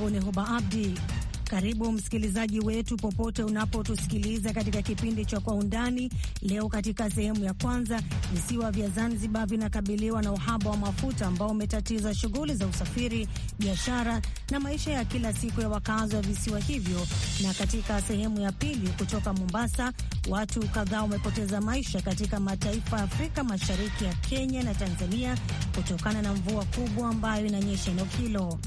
langu ni Huba Abdi. Karibu msikilizaji wetu popote unapotusikiliza katika kipindi cha Kwa Undani. Leo katika sehemu ya kwanza, visiwa vya Zanzibar vinakabiliwa na uhaba wa mafuta ambao umetatiza shughuli za usafiri, biashara na maisha ya kila siku ya wakazi wa visiwa hivyo. Na katika sehemu ya pili, kutoka Mombasa, watu kadhaa wamepoteza maisha katika mataifa ya Afrika Mashariki ya Kenya na Tanzania kutokana na mvua kubwa ambayo inanyesha eneo hilo.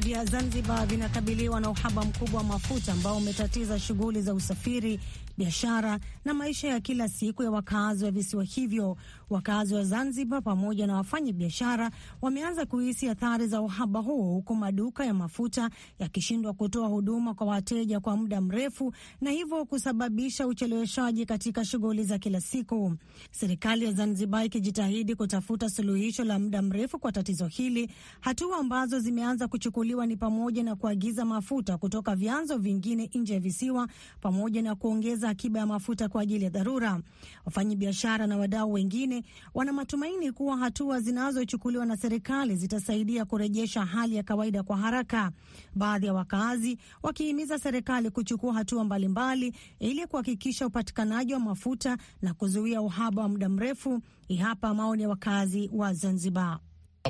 vya Zanzibar vinakabiliwa na uhaba mkubwa wa mafuta ambao umetatiza shughuli za usafiri biashara na maisha ya kila siku ya wakazi wa visiwa hivyo. Wakazi wa Zanzibar pamoja na wafanya biashara wameanza kuhisi athari za uhaba huo, huku maduka ya mafuta yakishindwa kutoa huduma kwa wateja kwa muda mrefu na hivyo kusababisha ucheleweshaji katika shughuli za kila siku. Serikali ya Zanzibar ikijitahidi kutafuta suluhisho la muda mrefu kwa tatizo hili. Hatua ambazo zimeanza kuchukuliwa ni pamoja na kuagiza mafuta kutoka vyanzo vingine nje ya visiwa pamoja na kuongeza kuongeza akiba ya mafuta kwa ajili ya dharura. Wafanyabiashara na wadau wengine wana matumaini kuwa hatua zinazochukuliwa na serikali zitasaidia kurejesha hali ya kawaida kwa haraka, baadhi ya wakaazi wakihimiza serikali kuchukua hatua mbalimbali ili kuhakikisha upatikanaji wa mafuta na kuzuia uhaba wa muda mrefu. ihapa maoni ya wakaazi wa Zanzibar.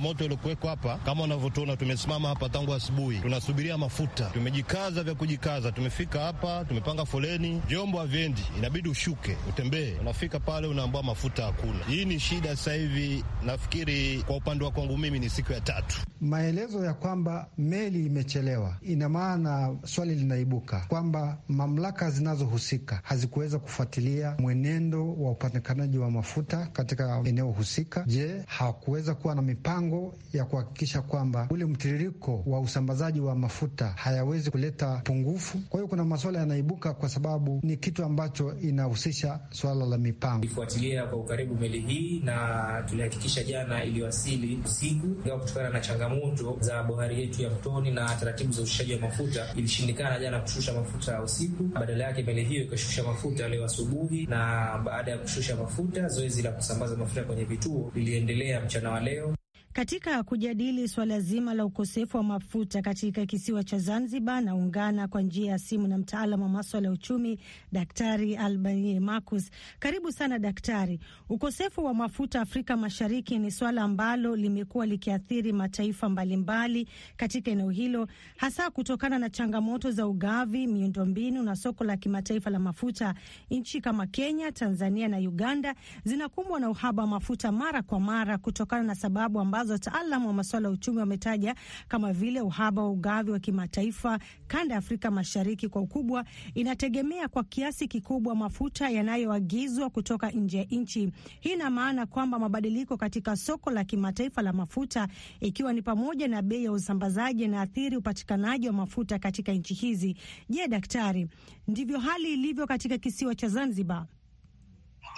Moto iliokuwekwa hapa kama unavyotuona, tumesimama hapa tangu asubuhi, tunasubiria mafuta. Tumejikaza vya kujikaza, tumefika hapa, tumepanga foleni, vyombo havyendi, inabidi ushuke utembee. Unafika pale unaambua mafuta hakuna. Hii ni shida sasa hivi. Nafikiri kwa upande wa kwangu mimi ni siku ya tatu. Maelezo ya kwamba meli imechelewa, ina maana swali linaibuka kwamba mamlaka zinazohusika hazikuweza kufuatilia mwenendo wa upatikanaji wa mafuta katika eneo husika. Je, hawakuweza kuwa na mipango mipango ya kuhakikisha kwamba ule mtiririko wa usambazaji wa mafuta hayawezi kuleta pungufu. Kwa hiyo kuna masuala yanaibuka, kwa sababu ni kitu ambacho inahusisha swala la mipango. ifuatilia kwa ukaribu meli hii na tulihakikisha jana iliwasili usiku, ingawa kutokana na changamoto za bohari yetu ya Mtoni na taratibu za ushushaji wa mafuta ilishindikana jana kushusha mafuta usiku. Badala yake meli hiyo ikashusha mafuta leo asubuhi, na baada ya kushusha mafuta, zoezi la kusambaza mafuta kwenye vituo liliendelea mchana wa leo katika kujadili suala zima la ukosefu wa mafuta katika kisiwa cha Zanzibar. Naungana kwa njia ya simu na mtaalam wa maswala ya uchumi Daktari Albanie Marcus. Karibu sana daktari. Ukosefu wa mafuta Afrika Mashariki ni swala ambalo limekuwa likiathiri mataifa mbalimbali katika eneo hilo, hasa kutokana na changamoto za ugavi, miundombinu na soko la kimataifa la mafuta. Nchi kama Kenya, Tanzania na Uganda zinakumbwa na uhaba wa mafuta mara kwa mara kutokana na sababu ambazo ambazo wataalam wa masuala ya uchumi wametaja kama vile uhaba wa ugavi wa kimataifa, kanda ya Afrika Mashariki kwa ukubwa inategemea kwa kiasi kikubwa mafuta yanayoagizwa kutoka nje ya nchi. Hii ina maana kwamba mabadiliko katika soko la kimataifa la mafuta, ikiwa ni pamoja na bei ya usambazaji, inaathiri upatikanaji wa mafuta katika nchi hizi. Je, daktari, ndivyo hali ilivyo katika kisiwa cha Zanzibar?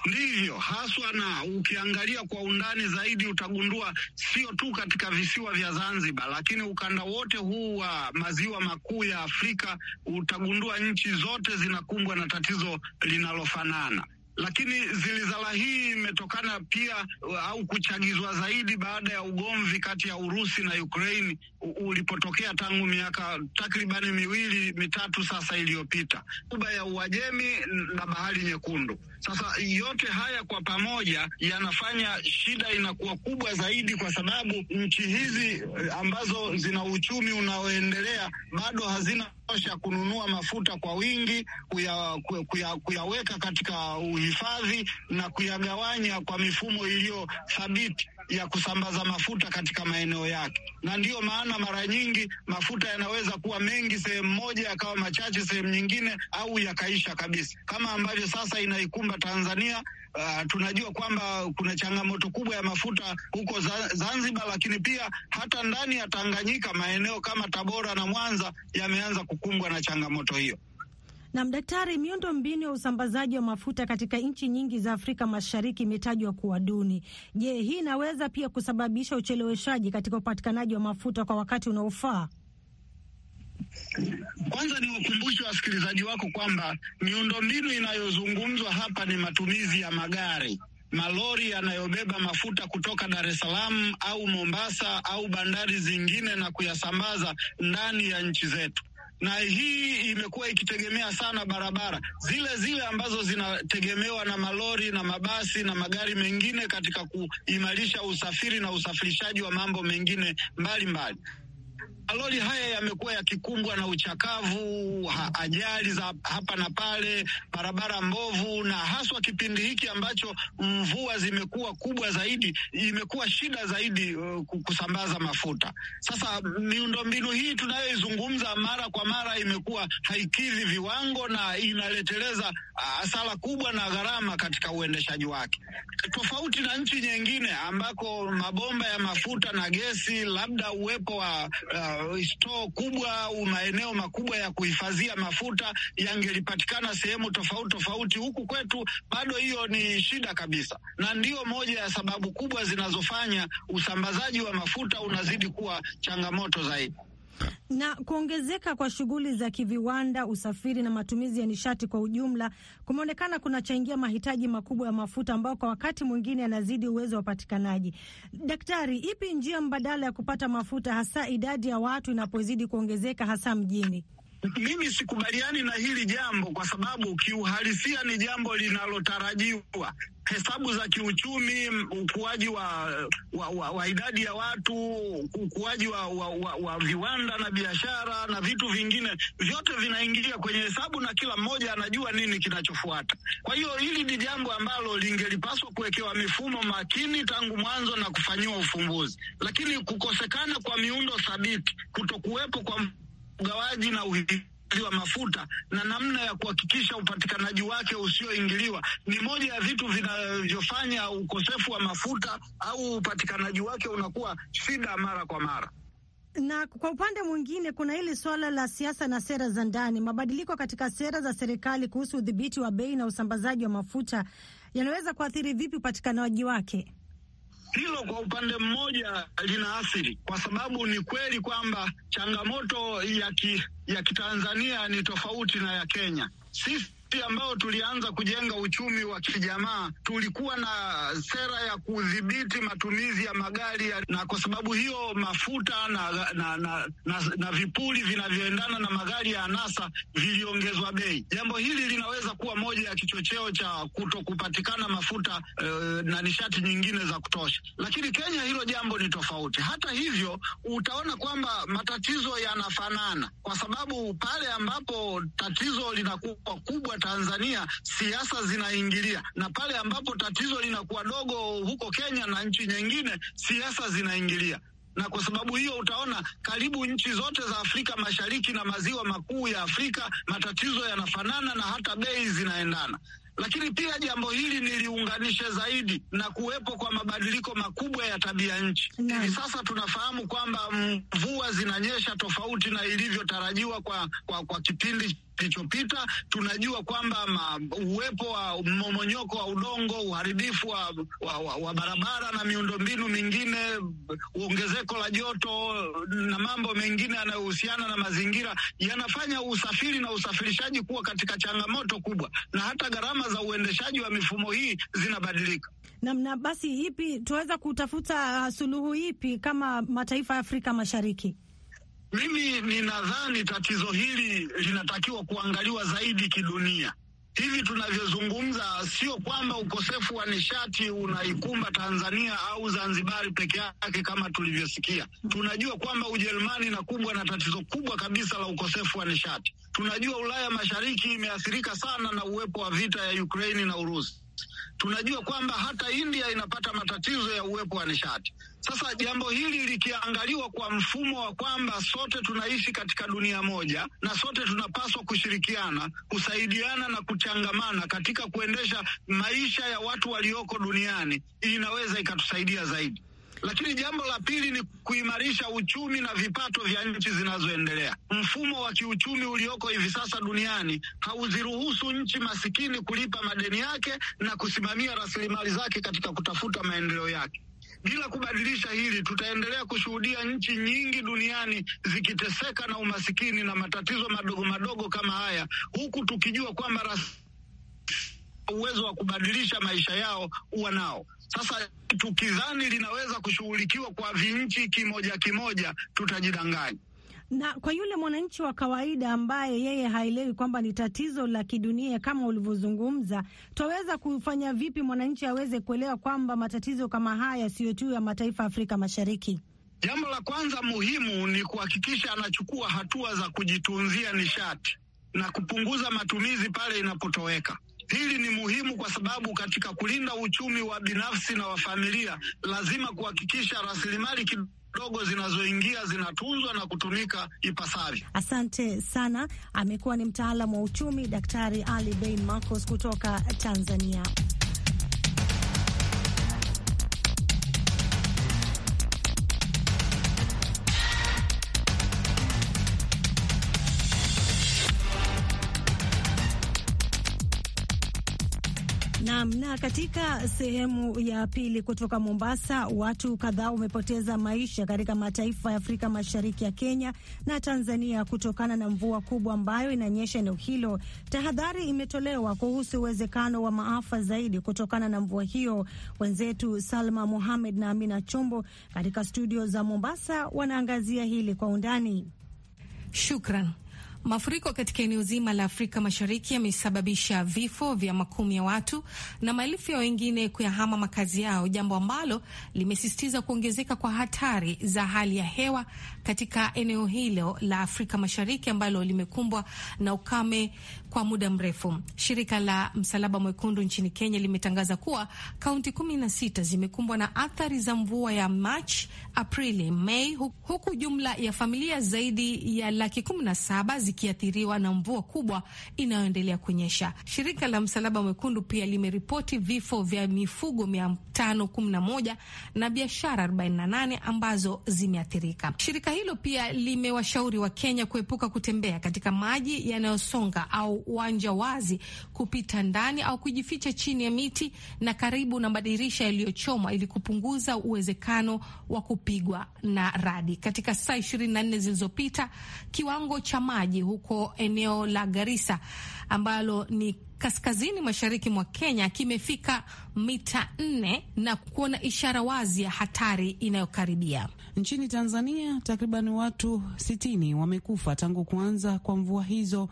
Ndivyo haswa, na ukiangalia kwa undani zaidi utagundua sio tu katika visiwa vya Zanzibar, lakini ukanda wote huu wa maziwa makuu ya Afrika utagundua nchi zote zinakumbwa na tatizo linalofanana lakini zilizala hii imetokana pia uh, au kuchagizwa zaidi baada ya ugomvi kati ya Urusi na Ukraini ulipotokea tangu miaka takribani miwili mitatu sasa iliyopita, kuba ya Uajemi na Bahari Nyekundu. Sasa yote haya kwa pamoja yanafanya shida inakuwa kubwa zaidi, kwa sababu nchi hizi eh, ambazo zina uchumi unaoendelea bado hazina tosha kununua mafuta kwa wingi, kuyaweka kuya, kuya katika uhifadhi na kuyagawanya kwa mifumo iliyo thabiti ya kusambaza mafuta katika maeneo yake, na ndiyo maana mara nyingi mafuta yanaweza kuwa mengi sehemu moja yakawa machache sehemu nyingine, au yakaisha kabisa, kama ambavyo sasa inaikumba Tanzania. Uh, tunajua kwamba kuna changamoto kubwa ya mafuta huko Zanzibar, lakini pia hata ndani ya Tanganyika maeneo kama Tabora na Mwanza yameanza kukumbwa na changamoto hiyo. Na mdaktari, miundo mbinu ya usambazaji wa mafuta katika nchi nyingi za Afrika Mashariki imetajwa kuwa duni. Je, hii inaweza pia kusababisha ucheleweshaji katika upatikanaji wa mafuta kwa wakati unaofaa? Kwanza ni wakumbushe wasikilizaji wako kwamba miundombinu inayozungumzwa hapa ni matumizi ya magari, malori yanayobeba mafuta kutoka Dar es Salaam au Mombasa au bandari zingine na kuyasambaza ndani ya nchi zetu na hii imekuwa ikitegemea sana barabara zile zile ambazo zinategemewa na malori na mabasi na magari mengine katika kuimarisha usafiri na usafirishaji wa mambo mengine mbalimbali mbali malori haya yamekuwa yakikumbwa na uchakavu ha, ajali za hapa na pale, barabara mbovu, na haswa kipindi hiki ambacho mvua zimekuwa kubwa zaidi, imekuwa shida zaidi uh, kusambaza mafuta. Sasa miundombinu hii tunayoizungumza mara kwa mara imekuwa haikidhi viwango na inaleteleza uh, hasara uh, kubwa na gharama katika uendeshaji wake, tofauti na nchi nyingine ambako mabomba ya mafuta na gesi labda uwepo wa uh, uh, kubwa au maeneo makubwa ya kuhifadhia mafuta yangelipatikana sehemu tofauti tofauti. Huku kwetu bado hiyo ni shida kabisa, na ndiyo moja ya sababu kubwa zinazofanya usambazaji wa mafuta unazidi kuwa changamoto zaidi. Na kuongezeka kwa shughuli za kiviwanda, usafiri na matumizi ya nishati kwa ujumla kumeonekana kunachangia mahitaji makubwa ya mafuta ambayo kwa wakati mwingine yanazidi uwezo wa upatikanaji. Daktari, ipi njia mbadala ya kupata mafuta hasa idadi ya watu inapozidi kuongezeka hasa mjini? mimi sikubaliani na hili jambo kwa sababu kiuhalisia ni jambo linalotarajiwa. Hesabu za kiuchumi, ukuaji wa, wa, wa, wa idadi ya watu, ukuaji wa, wa, wa, wa viwanda na biashara na vitu vingine vyote vinaingia kwenye hesabu, na kila mmoja anajua nini kinachofuata. Kwa hiyo hili ni jambo ambalo lingelipaswa kuwekewa mifumo makini tangu mwanzo na kufanyiwa ufumbuzi, lakini kukosekana kwa miundo thabiti, kutokuwepo kwa ugawaji na uhifadhi wa mafuta na namna ya kuhakikisha upatikanaji wake usioingiliwa ni moja ya vitu vinavyofanya ukosefu wa mafuta au upatikanaji wake unakuwa shida mara kwa mara. Na kwa upande mwingine, kuna hili swala la siasa na sera za ndani. Mabadiliko katika sera za serikali kuhusu udhibiti wa bei na usambazaji wa mafuta yanaweza kuathiri vipi upatikanaji wake? hilo kwa upande mmoja lina athiri, kwa sababu ni kweli kwamba changamoto ya ki, ya kitanzania ni tofauti na ya Kenya. Sisi ambao tulianza kujenga uchumi wa kijamaa tulikuwa na sera ya kudhibiti matumizi ya magari ya, na kwa sababu hiyo mafuta na, na, na, na, na vipuli vinavyoendana na magari ya anasa viliongezwa bei. Jambo hili linaweza kuwa moja ya kichocheo cha kuto kupatikana mafuta eh, na nishati nyingine za kutosha, lakini Kenya hilo jambo ni tofauti. Hata hivyo, utaona kwamba matatizo yanafanana kwa sababu pale ambapo tatizo linakuwa kubwa Tanzania siasa zinaingilia, na pale ambapo tatizo linakuwa dogo huko Kenya na nchi nyingine, siasa zinaingilia na kwa sababu hiyo utaona karibu nchi zote za Afrika Mashariki na maziwa makuu ya Afrika matatizo yanafanana na hata bei zinaendana. Lakini pia jambo hili niliunganishe zaidi na kuwepo kwa mabadiliko makubwa ya tabia nchi. Hivi sasa tunafahamu kwamba mvua zinanyesha tofauti na ilivyotarajiwa kwa, kwa, kwa kipindi kilichopita. Tunajua kwamba uwepo wa mmomonyoko wa udongo, uharibifu wa, wa, wa, wa barabara na miundombinu mingine, uongezeko la joto na mambo mengine yanayohusiana na mazingira yanafanya usafiri na usafirishaji kuwa katika changamoto kubwa, na hata gharama za uendeshaji wa mifumo hii zinabadilika namna. Basi ipi tuweza kutafuta uh, suluhu ipi kama mataifa ya Afrika Mashariki? Mimi ninadhani tatizo hili linatakiwa kuangaliwa zaidi kidunia. Hivi tunavyozungumza, sio kwamba ukosefu wa nishati unaikumba Tanzania au Zanzibari peke yake kama tulivyosikia. Tunajua kwamba Ujerumani inakumbwa na tatizo kubwa kabisa la ukosefu wa nishati. Tunajua Ulaya Mashariki imeathirika sana na uwepo wa vita ya Ukraini na Urusi tunajua kwamba hata India inapata matatizo ya uwepo wa nishati. Sasa jambo hili likiangaliwa kwa mfumo wa kwamba sote tunaishi katika dunia moja na sote tunapaswa kushirikiana, kusaidiana na kuchangamana katika kuendesha maisha ya watu walioko duniani, inaweza ikatusaidia zaidi. Lakini jambo la pili ni kuimarisha uchumi na vipato vya nchi zinazoendelea. Mfumo wa kiuchumi ulioko hivi sasa duniani hauziruhusu nchi masikini kulipa madeni yake na kusimamia rasilimali zake katika kutafuta maendeleo yake. Bila kubadilisha hili, tutaendelea kushuhudia nchi nyingi duniani zikiteseka na umasikini na matatizo madogo madogo kama haya, huku tukijua kwamba rasi uwezo wa kubadilisha maisha yao huwa nao. Sasa tukidhani linaweza kushughulikiwa kwa vinchi kimoja kimoja, tutajidanganya na kwa yule mwananchi wa kawaida ambaye yeye haelewi kwamba ni tatizo la kidunia kama ulivyozungumza, twaweza kufanya vipi mwananchi aweze kuelewa kwamba matatizo kama haya siyo tu ya mataifa ya Afrika Mashariki? Jambo la kwanza muhimu ni kuhakikisha anachukua hatua za kujitunzia nishati na kupunguza matumizi pale inapotoweka. Hili ni muhimu kwa sababu katika kulinda uchumi wa binafsi na wa familia, lazima kuhakikisha rasilimali dogo zinazoingia zinatunzwa na kutumika ipasavyo. Asante sana. Amekuwa ni mtaalamu wa uchumi Daktari Ali Bein Marcos kutoka Tanzania. Naam, na katika sehemu ya pili kutoka Mombasa, watu kadhaa wamepoteza maisha katika mataifa ya Afrika Mashariki ya Kenya na Tanzania kutokana na mvua kubwa ambayo inanyesha eneo hilo. Tahadhari imetolewa kuhusu uwezekano wa maafa zaidi kutokana na mvua hiyo. Wenzetu Salma Mohamed na Amina Chombo katika studio za Mombasa wanaangazia hili kwa undani. Shukran. Mafuriko katika eneo zima la Afrika Mashariki yamesababisha vifo vya makumi ya watu na maelfu ya wengine kuyahama makazi yao, jambo ambalo limesisitiza kuongezeka kwa hatari za hali ya hewa katika eneo hilo la Afrika Mashariki ambalo limekumbwa na ukame kwa muda mrefu shirika la Msalaba Mwekundu nchini Kenya limetangaza kuwa kaunti 16 zimekumbwa na athari za mvua ya Machi, Aprili, Mei, huku jumla ya familia zaidi ya laki 17 zikiathiriwa na mvua kubwa inayoendelea kunyesha. Shirika la Msalaba Mwekundu pia limeripoti vifo vya mifugo 511 na biashara 48 ambazo zimeathirika. Shirika hilo pia limewashauri Wakenya kuepuka kutembea katika maji yanayosonga au uwanja wazi kupita ndani au kujificha chini ya miti na karibu na madirisha yaliyochomwa ili kupunguza uwezekano wa kupigwa na radi. Katika saa nne zilizopita, kiwango cha maji huko eneo la Garisa ambalo ni kaskazini mashariki mwa Kenya kimefika mita nne na kuona ishara wazi ya hatari inayokaribia. Nchini Tanzania, takriban watu sitini wamekufa tangu kuanza kwa mvua hizo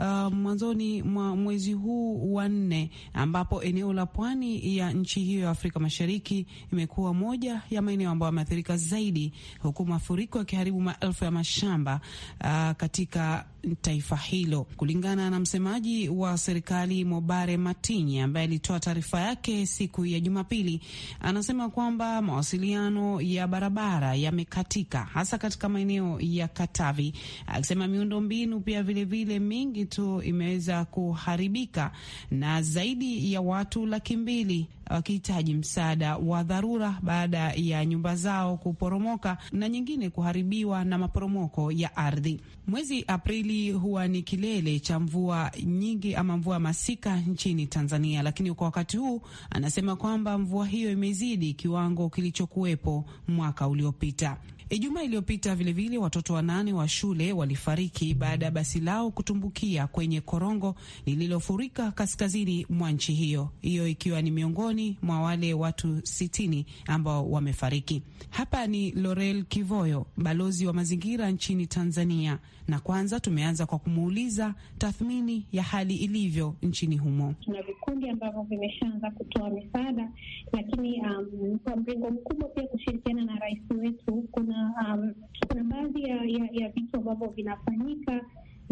uh, mwanzoni mwa mwezi huu wa nne, ambapo eneo la pwani ya nchi hiyo ya Afrika Mashariki imekuwa moja ya maeneo ambayo yameathirika zaidi, huku mafuriko yakiharibu maelfu ya mashamba uh, katika taifa hilo, kulingana na msemaji wa serikali Mobare Matinyi ambaye alitoa taarifa yake siku ya Jumapili. Anasema kwamba mawasiliano ya barabara yamekatika hasa katika maeneo ya Katavi, akisema miundo mbinu pia vilevile vile mingi yetu imeweza kuharibika na zaidi ya watu laki mbili wakihitaji msaada wa dharura baada ya nyumba zao kuporomoka na nyingine kuharibiwa na maporomoko ya ardhi. Mwezi Aprili huwa ni kilele cha mvua nyingi ama mvua ya masika nchini Tanzania, lakini kwa wakati huu anasema kwamba mvua hiyo imezidi kiwango kilichokuwepo mwaka uliopita. Ijumaa iliyopita vilevile watoto wanane wa shule walifariki baada ya basi lao kutumbukia kwenye korongo lililofurika kaskazini mwa nchi hiyo, hiyo ikiwa ni miongoni mwa wale watu sitini ambao wamefariki. Hapa ni lorel Kivoyo, balozi wa mazingira nchini Tanzania, na kwanza tumeanza kwa kumuuliza tathmini ya hali ilivyo nchini humo. Tuna vikundi ambavyo vimeshaanza kutoa misaada, lakini um, kwa mrengo mkubwa pia kushirikiana na rais wetu kuna Um, kuna baadhi ya, ya, ya vitu ambavyo vinafanyika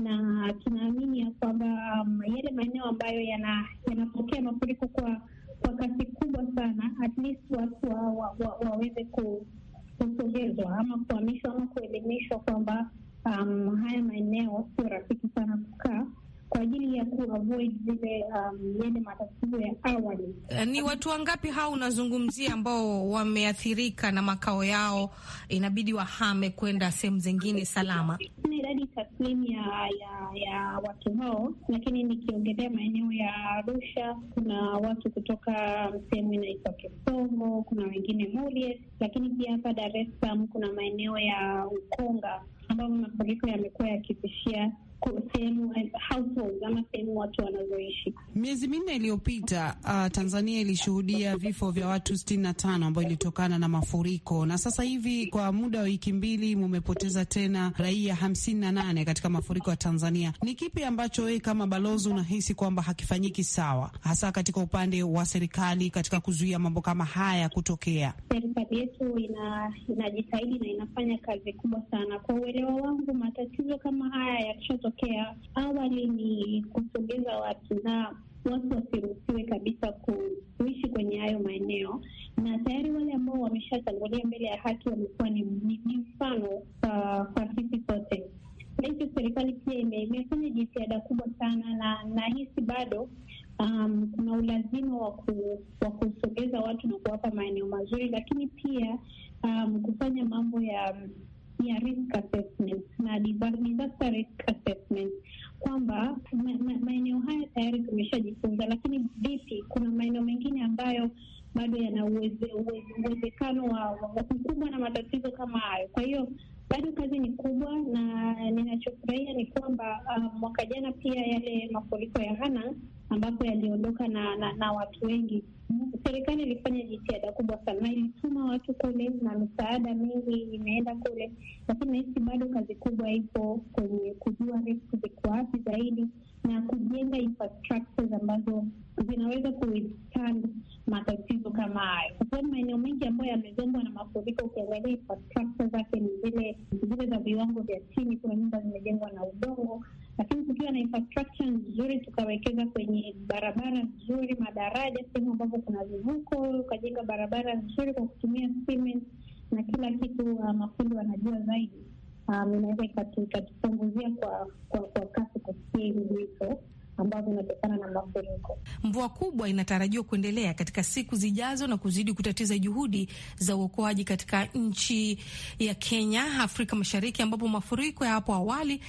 na tunaamini ya kwamba um, yale maeneo ambayo yanapokea yana mafuriko kwa kwa kasi kubwa sana, at least watu wa, wa, wa, waweze kusogezwa ama kuhamishwa ama kuelimishwa kwamba um, haya maeneo sio rafiki sana kukaa kwa ajili ya kuavoid zile um, yale matatizo ya awali. Eh, ni watu wangapi hao unazungumzia ambao wameathirika na makao yao inabidi wahame kwenda sehemu zingine salama? Ni idadi taslimu ya, ya, ya watu hao, lakini nikiongelea maeneo ya Arusha kuna watu kutoka sehemu inaitwa Kisongo, kuna wengine Mulie, lakini pia hapa Dar es Salaam kuna maeneo ya Ukonga ambayo mafuriko yamekuwa yakipishia sehemu ama sehemu watu wanazoishi. Miezi minne iliyopita, uh, Tanzania ilishuhudia vifo vya watu sitini na tano ambayo ilitokana na mafuriko, na sasa hivi kwa muda wa wiki mbili mumepoteza tena raia hamsini na nane katika mafuriko ya Tanzania. Ni kipi ambacho wewe kama balozi unahisi kwamba hakifanyiki sawa, hasa katika upande wa serikali katika kuzuia mambo kama haya kutokea? Serikali yetu ina, inajitahidi na inafanya kazi kubwa sana. Kwa uelewa wangu, matatizo kama haya yakishato kilichotokea awali ni kusogeza watu na watu wasiruhusiwe kabisa kuishi kwenye hayo maeneo, na tayari wale ambao wameshatangulia mbele ya haki wamekuwa ni mfano uh, kwa sisi sote. Na hivyo serikali pia imefanya jitihada kubwa sana, na nahisi bado um, kuna ulazima wa kusogeza watu na kuwapa maeneo mazuri, lakini pia um, kufanya mambo ya ya risk assessment na disaster risk assessment kwamba maeneo haya tayari tumeshajifunza, lakini vipi, kuna maeneo mengine ambayo bado yana uwezekano wa mkubwa na matatizo kama hayo. Kwa hiyo bado kazi ni kubwa, na ninachofurahia ni kwamba um, mwaka jana pia yale mafuriko ya hana ambapo yaliondoka na, na, na watu wengi, serikali ilifanya jitihada kubwa sana, na ilituma watu kule na misaada mingi imeenda kule, lakini nahisi bado kazi kubwa ipo kwenye kujua riski ziko wapi zaidi na kujenga infrastructures ambazo zinaweza kuwithstand matatizo kama hayo maeneo mengi ambayo yamegongwa na mafuriko, ukiangalia infrastructure zake ni zile zile za viwango vya chini. Kuna nyumba zimejengwa na udongo, lakini tukiwa na infrastructure nzuri, tukawekeza kwenye barabara nzuri, madaraja, sehemu ambapo kuna vivuko, ukajenga barabara nzuri kwa kutumia cement na kila kitu, uh, mafundi wanajua zaidi, um, inaweza ikatupunguzia kwa, kwa, kwa kasi kufikia hili wito ambavyo vinatokana na mafuriko. Mvua kubwa inatarajiwa kuendelea katika siku zijazo na kuzidi kutatiza juhudi za uokoaji katika nchi ya Kenya, Afrika Mashariki, ambapo mafuriko ya hapo awali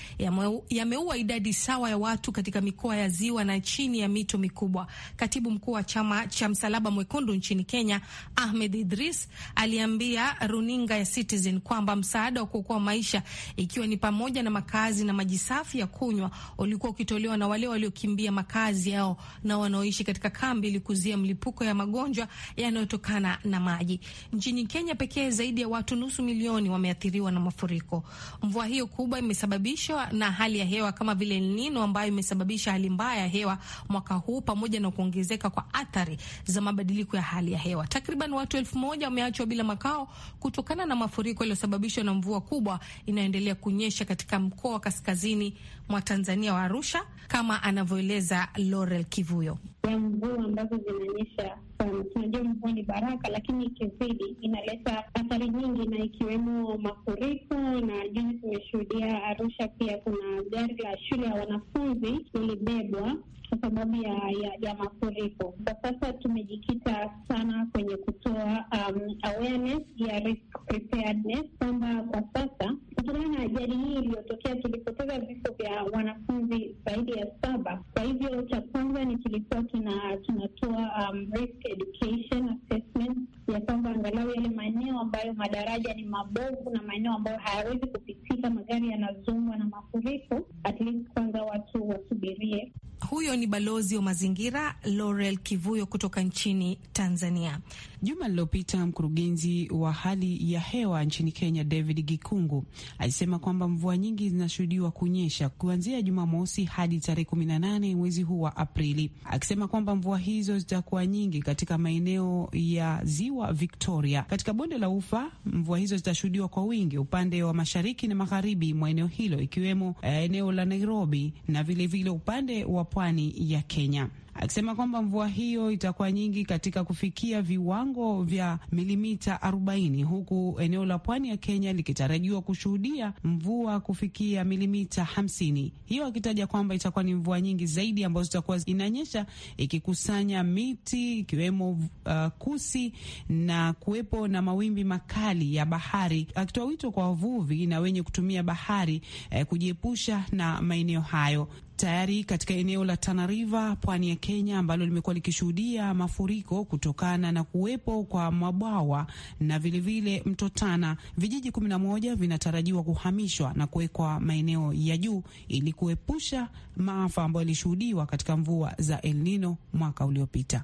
yameua ya idadi sawa ya watu katika mikoa ya ziwa na chini ya mito mikubwa. Katibu mkuu wa chama cha Msalaba Mwekundu nchini Kenya, Ahmed Idris, aliambia runinga ya Citizen kwamba msaada wa kuokoa maisha, ikiwa ni pamoja na makazi na maji safi ya kunywa, ulikuwa ukitolewa na wale walio waliokimbia makazi yao na wanaoishi katika kambi ili kuzuia mlipuko ya magonjwa yanayotokana na maji. Nchini Kenya pekee zaidi ya watu nusu milioni wameathiriwa na mafuriko. Mvua hiyo kubwa imesababishwa na hali ya hewa kama vile El Nino ambayo imesababisha hali mbaya ya hewa mwaka huu pamoja na kuongezeka kwa athari za mabadiliko ya hali ya hewa. Takriban watu elfu moja wameachwa bila makao kutokana na mafuriko yaliyosababishwa na mvua kubwa inayoendelea kunyesha katika mkoa wa kaskazini mwa Tanzania wa Arusha, kama anavyoeleza Laurel Kivuyo. Mvua ambazo zinaonyesha sana, um, tunajua mvua ni baraka, lakini ikizidi inaleta athari nyingi, na ikiwemo mafuriko. Na juzi tumeshuhudia Arusha pia kuna gari la shule ya wanafunzi lilibebwa kwa sababu ya, ya, ya mafuriko. Kwa sasa tumejikita sana kwenye kutoa um, awareness ya risk preparedness, kwamba kwa sasa kutokana na ajali hii iliyotokea tulipoteza vifo vya wanafunzi zaidi ya saba. Kwa hivyo cha kwanza ni tulikuwa tunatoa tuna um, risk education assessment ya kwamba angalau yale maeneo ambayo madaraja ni mabovu na maeneo ambayo hayawezi kupitika, magari yanazungwa na mafuriko, at least kwanza watu wasubirie. Huyo ni balozi wa mazingira Laurel Kivuyo kutoka nchini Tanzania. Juma lililopita mkurugenzi wa hali ya hewa nchini Kenya David Gikungu alisema kwamba mvua nyingi zinashuhudiwa kunyesha kuanzia Jumamosi hadi tarehe kumi na nane mwezi huu wa Aprili, akisema kwamba mvua hizo zitakuwa nyingi katika maeneo ya ziwa wa Victoria. Katika bonde la Ufa, mvua hizo zitashuhudiwa kwa wingi upande wa mashariki na magharibi mwa eneo hilo, ikiwemo eh, eneo la Nairobi na vilevile vile upande wa pwani ya Kenya akisema kwamba mvua hiyo itakuwa nyingi katika kufikia viwango vya milimita 40 huku eneo la pwani ya Kenya likitarajiwa kushuhudia mvua kufikia milimita 50, hiyo akitaja kwamba itakuwa ni mvua nyingi zaidi ambazo zitakuwa inanyesha ikikusanya miti ikiwemo uh, kusi na kuwepo na mawimbi makali ya bahari, akitoa wito kwa wavuvi na wenye kutumia bahari eh, kujiepusha na maeneo hayo tayari katika eneo la Tana River, pwani ya Kenya, ambalo limekuwa likishuhudia mafuriko kutokana na kuwepo kwa mabwawa na vilevile mto Tana, vijiji 11 vinatarajiwa kuhamishwa na kuwekwa maeneo ya juu ili kuepusha maafa ambayo yalishuhudiwa katika mvua za El Nino mwaka uliopita.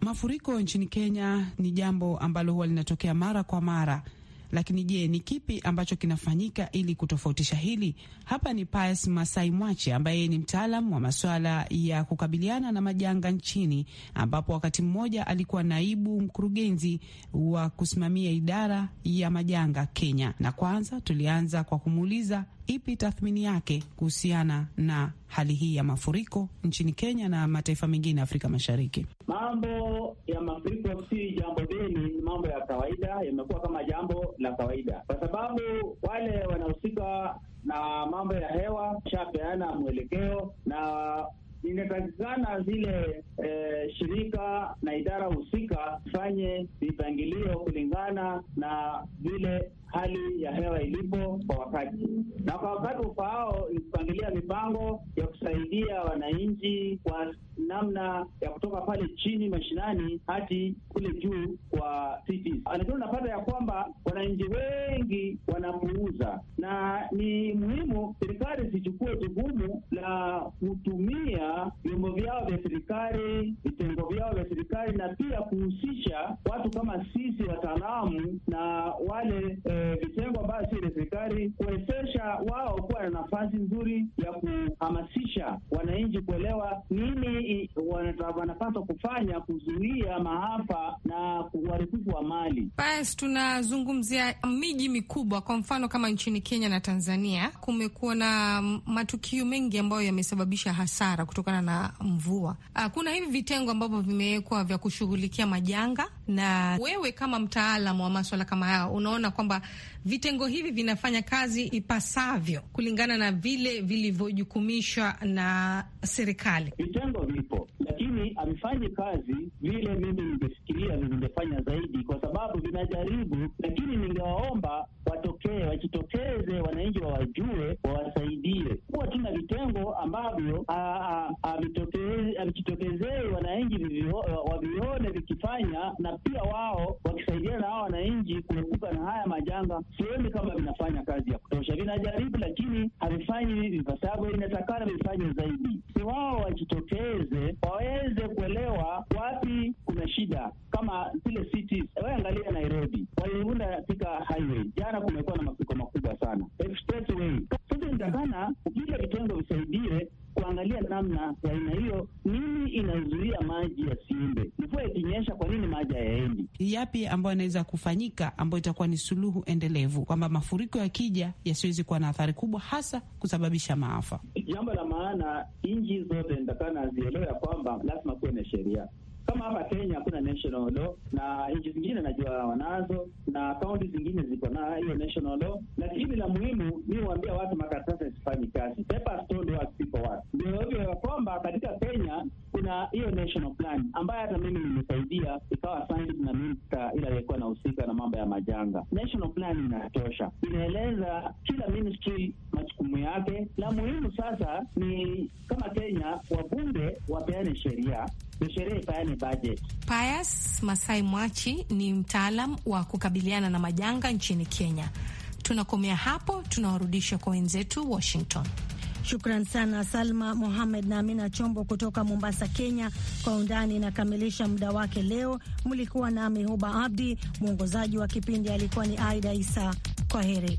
Mafuriko nchini Kenya ni jambo ambalo huwa linatokea mara kwa mara lakini je, ni kipi ambacho kinafanyika ili kutofautisha hili? Hapa ni Pius Masai Mwache ambaye ni mtaalam wa masuala ya kukabiliana na majanga nchini, ambapo wakati mmoja alikuwa naibu mkurugenzi wa kusimamia idara ya majanga Kenya. Na kwanza tulianza kwa kumuuliza ipi tathmini yake kuhusiana na hali hii ya mafuriko nchini Kenya na mataifa mengine ya Afrika Mashariki? Mambo ya mafuriko si jambo geni, ni mambo ya kawaida, yamekuwa kama jambo la kawaida kwa sababu wale wanahusika na mambo ya hewa shapeana mwelekeo na inatakikana zile e, shirika na idara husika fanye mipangilio kulingana na vile hali ya hewa ilipo kwa wakati, na kwa wakati ufaao ni kupangilia mipango ya kusaidia wananchi kwa namna ya kutoka pale chini mashinani hadi kule juu kwa cities. Lakini unapata ya kwamba wananchi wengi wanapuuza, na ni muhimu serikali zichukue jukumu la kutumia vyombo vyao vya serikali, vitengo vyao vya serikali, na pia kuhusisha watu kama sisi wataalamu na wale e, vitengo ambayo si vya serikali, kuwezesha wao kuwa na nafasi nzuri ya kuhamasisha wananchi kuelewa nini wanapaswa kufanya kuzuia maafa na uharibifu wa mali. Basi tunazungumzia miji mikubwa, kwa mfano kama nchini Kenya na Tanzania kumekuwa na matukio mengi ambayo yamesababisha hasara kutokana na mvua. Ah, kuna hivi vitengo ambavyo vimewekwa vya kushughulikia majanga, na wewe kama mtaalamu wa maswala kama haya unaona kwamba vitengo hivi vinafanya kazi ipasavyo kulingana na vile vilivyojukumishwa na serikali? Vitengo vipo lakini havifanyi kazi vile mimi ningefikiria ningefanya zaidi, kwa sababu vinajaribu, lakini ningewaomba watokee, wajitokeze, wananchi wawajue, wawas ambavyo amejitokezei wananchi wavione vikifanya, na pia wao wakisaidiana na hao wananchi kuepuka na haya majanga. Sioni kama vinafanya kazi ya kutosha, vinajaribu lakini havifanyi vipasavyo. Inatakana vifanye zaidi, ni wao wajitokeze, waweze kuelewa wapi kuna shida, kama zile cities. Wewe angalia Nairobi, waliunda Thika highway, jana kumekuwa na mafuriko makubwa sana expressway. Sasa inatakana vile vitengo visaidi kuangalia namna ya aina hiyo, nini inazuia maji yasiende. Mvua ikinyesha, kwa nini maji hayaendi? Yapi ambayo yanaweza kufanyika ambayo itakuwa ni suluhu endelevu, kwamba mafuriko yakija yasiwezi kuwa na athari kubwa, hasa kusababisha maafa? Jambo la maana, nchi zote nitakana zielewe ya kwamba lazima kuwe na sheria kama hapa Kenya hakuna national law, na nchi zingine najua wanazo na kaunti zingine ziko na hiyo national law, lakini la muhimu ni waambia watu makaratasi asifanyi kazi, papers don't work, people work. Ndio hivyo ya kwamba katika Kenya kuna hiyo national plan ambayo hata mimi nimesaidia ikawa signed na minister ile aliyekuwa nahusika na mambo ya majanga. National plan inatosha, inaeleza kila ministry majukumu yake. La muhimu sasa ni kama Kenya wabunge wapeane sheria ni sherehe tayari baje. Pius Masai Mwachi ni mtaalam wa kukabiliana na majanga nchini Kenya. Tunakomea hapo, tunawarudisha kwa wenzetu Washington. Shukran sana Salma Mohamed na Amina Chombo kutoka Mombasa, Kenya. Kwa Undani inakamilisha muda wake leo. Mlikuwa nami Huba Abdi, mwongozaji wa kipindi alikuwa ni Aida Isa. Kwa heri.